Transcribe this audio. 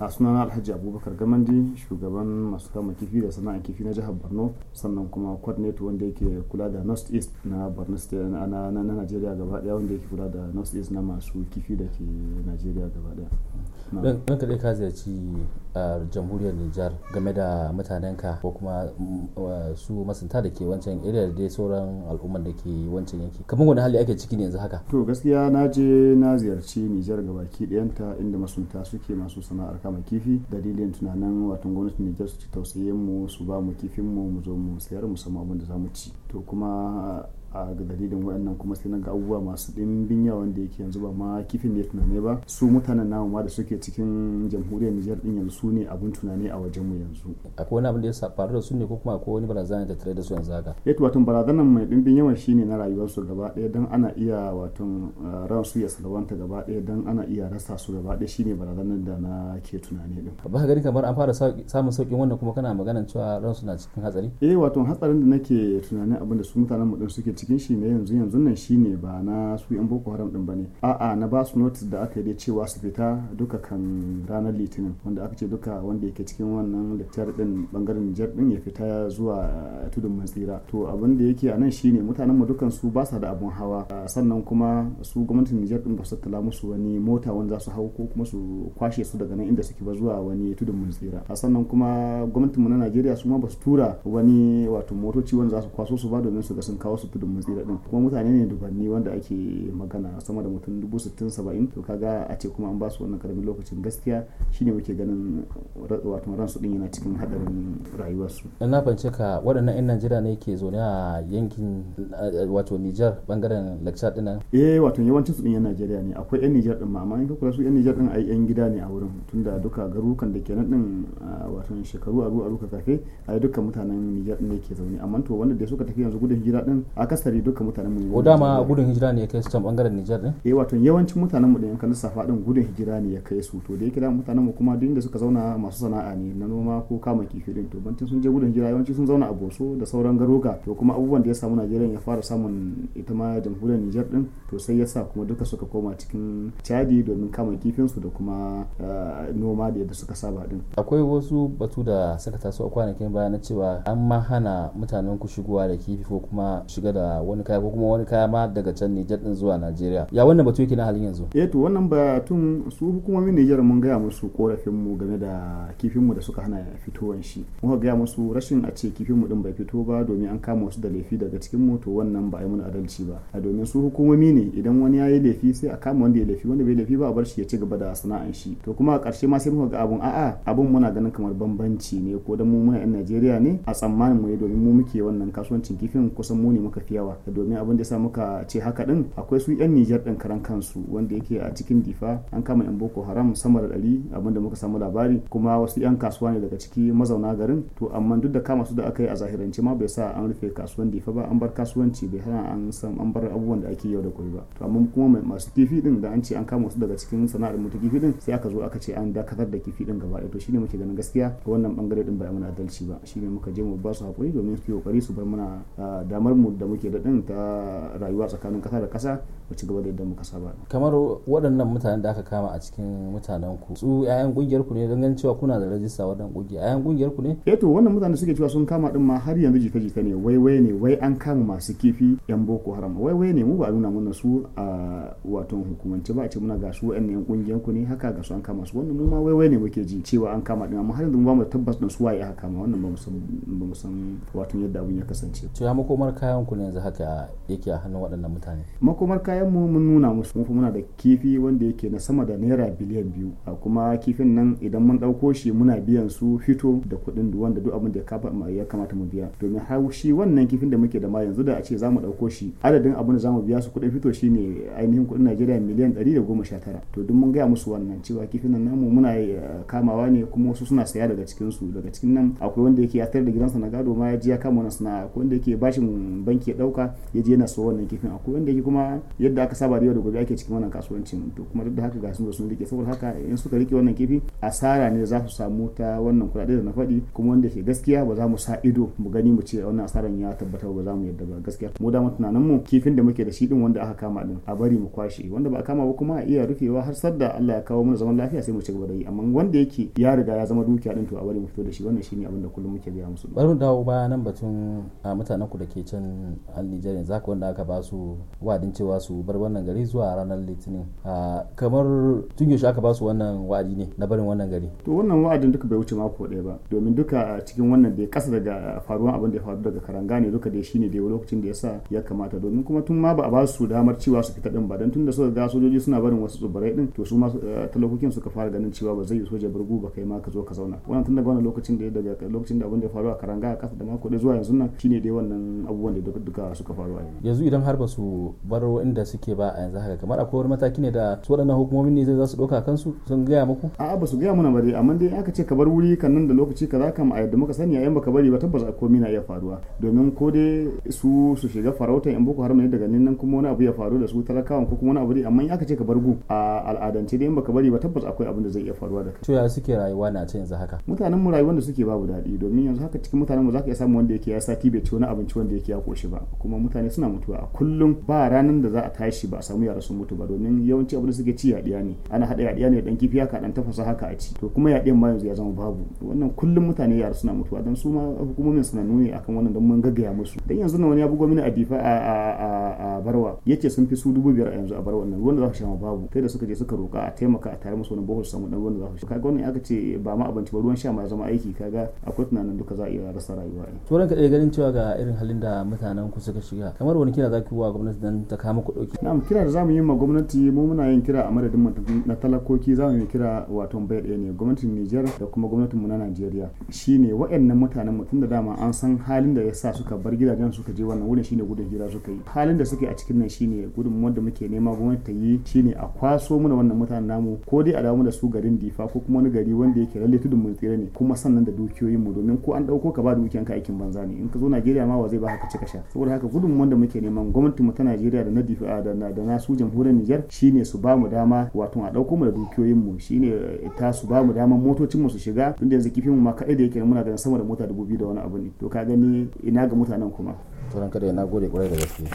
a sunana alhaji abubakar gamandi shugaban masu kama kifi da sana'a kifi na jihar borno sannan kuma coordinator wanda yake kula da north east na borno state na nigeria gaba daya wanda yake kula da north east na masu kifi da ke nigeria gaba daya don ka ka ziyarci a jamhuriyar nijar game da mutanenka ko kuma mm, su masunta da ke wancan iri da dai sauran al'ummar da ke wancan yanki kamar wani hali ake ciki ne yanzu haka to gaskiya na je na ziyarci nijar gabaki ɗayanta inda masunta suke masu sana'ar kama kifi dalilin tunanin watan gwamnatin ne su ci tausayin mu su ba mu kifin mu mu zo mu sayar mu samu abin da za mu ci to kuma a ga dalilin waɗannan kuma sai na ga abubuwa masu ɗimbin yawa wanda yake yanzu ba ma kifin ne tunani ba su mutanen namu ma da suke cikin jamhuriyar Nijar din yanzu su ne abun tunani a wajen mu yanzu akwai wani abin da ya faru da su ne ko kuma akwai wani barazana da tare da su yanzu haka eh wato barazanan mai ɗimbin yawa shine na rayuwar su gaba ɗaya dan ana iya wato eh, ran su ya salwanta gaba ɗaya dan ana iya rasa su gaba ɗaya shine barazanan da na ke tunani din ba gani kamar an fara samun saukin wannan kuma kana maganan cewa ran su na cikin hatsari eh wato hatsarin da nake tunani abin da su mutanen mu din suke cikin shi ne yanzu yanzu nan shi ne ba na su yan boko haram din ne a'a na ba su notis da aka yi cewa su fita duka kan ranar litinin wanda aka ce duka wanda yake cikin wannan lecture din bangaren nijar din ya fita zuwa tudun matsira to abin da yake a nan shi ne mutanen mu dukan su ba sa da abun hawa sannan kuma su gwamnatin Niger din ba su tala musu wani mota wanda za su hau ko kuma su kwashe su daga nan inda suke ba zuwa wani tudun matsira sannan kuma gwamnatin mu na Najeriya su ma ba su tura wani wato motoci wanda za su kwaso su ba domin su ga sun kawo su tudun mutum mun din kuma mutane ne dubanni wanda ake magana sama da mutum dubu sittin saba'in to kaga a ce kuma an ba su wannan karamin lokacin gaskiya shine muke ganin wato ransu din yana cikin hadarin rayuwarsu dan na fahimci ka waɗannan yan Najeriya ne ke zaune a yankin wato Niger bangaren ɗin nan eh wato yawancin su din yan Najeriya ne akwai yan nijar din ma amma in ka kula su yan nijar din ai yan gida ne a wurin tunda duka garurukan da ke nan din wato shekaru aru aru ka kafe ai dukkan mutanen Niger ne ke zaune amma to wanda da suka tafi yanzu gudun hijira din aka kasari duka mutanen mu ko dama gudun hijira ne ya kai su can bangaren Nijar ne eh wato yawancin mutanen mu da yankan lissafa din gudun hijira ne ya kai su to da yake da mutanen mu kuma duk da suka zauna masu sana'a ne na noma ko kama kifi din to bantin sun je gudun hijira yawanci sun zauna a Boso da sauran garuka to kuma abubuwan da ya samu Najeriya ya fara samun ita ma jamhuriyar Nijar din to sai ya sa kuma duka suka koma cikin Chadi domin kama kifin su da kuma eh, noma da yadda suka saba din akwai wasu batu da suka taso a kwanakin baya na cewa an ma hana mutanen ku shigowa da kifi ko kuma shiga da wani kaya ko kuma wani kaya ma daga can Nijar din zuwa Najeriya ya wannan batu yake na halin yanzu eh to wannan batun su hukumomin Nijar mun gaya musu korafin mu game da kifin mu da suka hana fitowan shi muka gaya musu rashin a ce kifin mu din bai fito ba domin an kama wasu da laifi daga cikin mu to wannan ba a yi mana adalci ba a domin su hukumomi ne idan wani ya yi laifi sai a kama wanda ya laifi wanda bai laifi ba a bar shi ya ci gaba da sana'an shi to kuma a ƙarshe ma sai muka ga abun a'a abun muna ganin kamar bambanci ne ko da mu muna yan Najeriya ne a tsammanin mu domin mu muke wannan kasuwancin kifin kusan mu ne muka fi yawa domin abin da sa muka ce haka din akwai su yan Nijar din karan kansu wanda yake a cikin difa an kama yan Boko Haram sama da dari abin da muka samu labari kuma wasu yan kasuwa ne daga ciki mazauna garin to amma duk da kama su da aka yi a zahirance ma bai sa an rufe kasuwan difa ba an bar kasuwanci bai hana an san an bar abubuwan da ake yau da gobe ba to amma kuma masu kifi din da an ce an kama su daga cikin sana'ar mutu kifi din sai aka zo aka ce an dakatar da kifi din gaba ɗaya to shine muke ganin gaskiya wannan bangare din ba a adalci ba shine muka je mu ba su hakuri domin su yi kokari su bar mana ah, damar mu da muke da ɗin ta rayuwa tsakanin ƙasa da ƙasa ba ci gaba da yadda muka saba kamar waɗannan mutanen da aka kama a cikin mutanen ku su ƴaƴan ƙungiyar ku ne don ganin cewa kuna da rajista waɗannan ƙungiya ƴaƴan ƙungiyar ku ne eh to wannan mutanen suke cewa sun kama din ma har yanzu jika jika ne wai wai ne wai an kama masu kifi yan boko haram wai wai ne mu ba a nuna mana su a wato hukumance ba a ce muna ga su wa'annan ƴan ƙungiyar ku ne haka ga su an kama su wannan mu ma wai wai ne muke ji cewa an kama din amma har yanzu ba mu tabbas din su waye aka kama wannan ba mu san ba mu san wato yadda abin ya kasance to ya makomar kayan ku ne yanzu haka yake a hannun waɗannan mutane makomar kayan mu mun nuna musu mun muna da kifi wanda yake na sama da naira biliyan biyu a kuma kifin nan idan mun ɗauko shi muna biyan su fito da kuɗin wanda duk abin da ya kamata mu biya domin har shi wannan kifin da muke da ma yanzu da a ce za mu ɗauko shi adadin abin da za mu biya su kuɗin fito shi ne ainihin kuɗin Najeriya miliyan ɗari da goma sha tara to duk mun gaya musu wannan cewa kifin nan namu muna eh, kamawa ne kuma wasu suna saya daga cikin su daga cikin nan akwai wanda yake ya tayar da gidansa na gado ma ya ji ya kama wani sana'a akwai wanda yake bashin banki dauka ya je yana so wannan kifin akwai wanda yake kuma yadda aka saba da yau da gobe ake cikin wannan kasuwancin to kuma duk da haka ga sun sun rike saboda haka in suka rike wannan kifi asara ne za su samu ta wannan kuɗaɗe da na faɗi kuma wanda ke gaskiya ba za mu sa ido mu gani mu ce wannan asaran ya tabbatar ba za mu yadda ba gaskiya mu da tunanin mu kifin da muke da shi din wanda aka kama din a bari mu kwashe wanda ba a kama ba kuma a iya rufewa har sadda Allah ya kawo mana zaman lafiya sai mu ci gaba da yi amma wanda yake ya riga ya zama dukiya din to a bari mu fito da shi wannan shine abin da kullum muke gaya musu bari mu dawo ba nan batun mutanen ku da ke can yan yanzu haka wanda aka ba su wadin cewa su bar wannan gari zuwa ranar litinin kamar tun yaushe aka ba su wannan wa'adi ne na barin wannan gari to wannan wa'adin duka bai wuce mako ɗaya ba domin duka cikin wannan bai kasa daga faruwan abin da ya faru daga karanga ne duka dai shine da lokacin da yasa ya kamata domin kuma tun ma ba a ba su damar cewa su fita din ba dan tun da suka ga sojoji suna barin wasu tsubarai din to su ma eh, talakokin suka fara ganin cewa ba zai yi soja burgu ba kai ma ka zo ka zauna wannan tun daga wannan lokacin da daga lokacin da abin da ya faru a karanga a kasa da mako ɗaya zuwa yanzu nan shine dai wannan abubuwan da duka suka suka faru a yanzu idan har ba su bar inda suke ba a yanzu haka kamar akwai wani mataki ne da su waɗannan hukumomin ne za su ɗauka kansu sun gaya muku a'a ba su gaya mana ba dai amma dai aka ce ka bar wuri kan nan da lokaci kaza kam a yadda muka sani a yan baka bari ba tabbas komai na iya faruwa domin ko dai su su shiga farautar yan boko haram ne daga nan kuma wani abu ya faru da su talakawan ko kuma wani abu dai amma aka ce ka bar gu a al'adance dai in baka bari ba tabbas akwai abin da zai iya faruwa da kai to ya suke rayuwa na ce yanzu haka mutanen mu rayuwar da suke babu daɗi domin yanzu haka cikin mutanen mu ka iya samu wanda yake ya sati bai ci wani abinci wanda yake ya koshi ba kuma mutane suna mutuwa a kullum ba ranar da za a tashi ba a samu yara sun mutu ba domin yawanci abin da suke ci yaɗiya ne ana haɗa yaɗiya ne dan kifi haka dan tafasa haka a ci to kuma yaɗiyan ma yanzu ya zama babu wannan kullum mutane yara suna mutuwa dan su ma hukumomin suna nuni akan wannan don mun gaggaya musu dan yanzu nan wani ya bugo mini a difa a barwa yace sun fi su dubu biyar a yanzu a barwa wannan ruwan da za su sha babu sai da suka je suka roka a taimaka a tare musu wani bohol samu dan ruwan da za su sha kaga wannan aka ce ba ma abinci ba ruwan sha ma ya zama aiki kaga akwai tunanin duka za a iya rasa rayuwa ne. Turan kaɗai ganin cewa ga irin halin da mutanen ku suka shiga kamar wani kira za ku wa gwamnati dan ta kama ku dauki na'am kira da zamu yi ma gwamnati mu muna yin kira a madadin na talakoki zamu yi kira wato bayar ɗaya ne gwamnatin nijar da kuma gwamnatin mu na Najeriya shine wa'annan mutanen mu tun da dama an san halin da yasa suka bar gidajen suka je wannan wurin shine gudun hira suka yi halin da suke a cikin nan shine gudunmuwar da muke nema gwamnati ta yi shine a kwaso mana wannan mutanen namu ko dai a dawo da su garin Difa ko kuma wani gari wanda yake lalle tudun mun tsire ne kuma sannan da dukiyoyin mu domin ko an dauko ka ba dukiyanka aikin banza ne in ka zo Najeriya ma wa zai ba ka cika sha saboda haka gudun wanda muke neman gwamnati mu ta Najeriya da na DFA da na su jamhuriyar Niger shine su ba mu dama wato a dauko mu da dukiyoyin mu shine eh, ta su ba mu dama motocin mu su shiga tunda yanzu kifin mu ma kadai da yake muna ganin sama da mota 2000 da wani abu ne to ka gani ina ga mutanen kuma to ranka da na gode kwarai da gaske